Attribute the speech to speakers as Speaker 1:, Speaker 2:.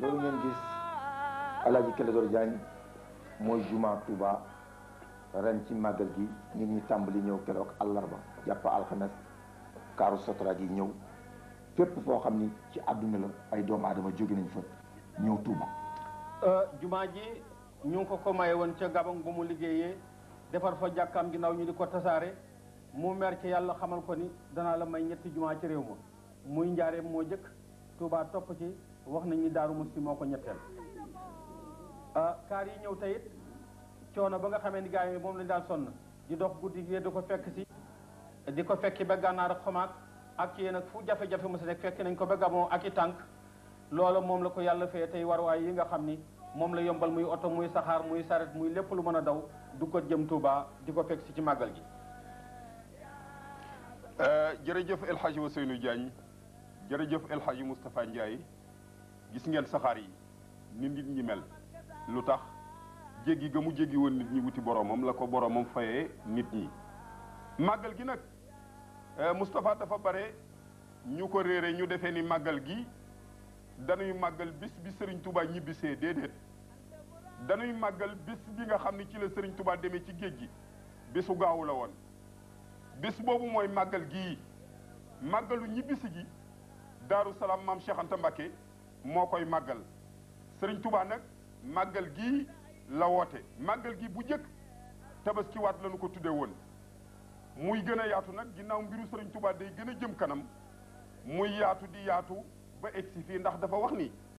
Speaker 1: loolu ngeen gis alaaji Clédor Diagne mooy juma Touba ren ci màggal gi nit ñi tàmbali ñëw keroog àllarba jàpp alxames kaaru sotra gi ñëw fépp foo xam ni ci àdduna la ay doom aadama jóge nañ fa ñëw Touba.
Speaker 2: Euh, juma ji ñu ngi ko ko maye woon ca Gabon bu mu liggéeyee defar fa gi ginnaaw ñu di ko tasaare mu mer ci yàlla xamal ko ni danaa la may ñetti juma ci réew ma muy njaareem moo jëkk Touba topp ci. wax nañ ni Daaru Musti moo ko ñetteel ah, kaar yi ñëw tey it coono ba nga xamee ni gars yi moom lañ daan sonn di dox guddi gi di ko fekk si di ko fekk ba gànnaar ak xomaak ak yéen ak fu jafe-jafe mu si nekk fekk nañ ko ba gabon ak i tànk loolu moom la ko yàlla fee tey warwaay yi nga xam ni moom la yombal muy oto muy saxaar muy saret muy lépp lu mën a daw du ko jëm Touba di ko fekk si ci màggal gi
Speaker 3: eh, jërëjëf El Hadj Ousseynou Diagne jërëjëf El Hadj Moustapha gis ngeen saxaar yi ni nit ñi mel lu tax jéggi ga mu jéggi woon nit ñi wuti boromam la ko boromam fayee nit ñi màggal gi nag eh, Moustapha dafa bare ñu ko réere ñu defee ni màggal gi dañuy màggal bis bi sëriñ tubaa ñibbisee déedéet dañuy màggal bis bi nga xam ne ci la Serigne Touba demee ci géej gi bisu gaawu la woon bis boobu mooy màggal gi màggalu ñibbisi gi Daaru Salaam maam Cheikh Anta moo koy màggal sëriñ tubaa nag màggal gi la woote màggal gi bu jëkk tabaski waat lañu ko tuddee woon muy gën a yaatu nag ginnaaw mbiru sëriñ Touba day gën a jëm kanam muy yaatu di yaatu ba egsi fii ndax dafa wax ni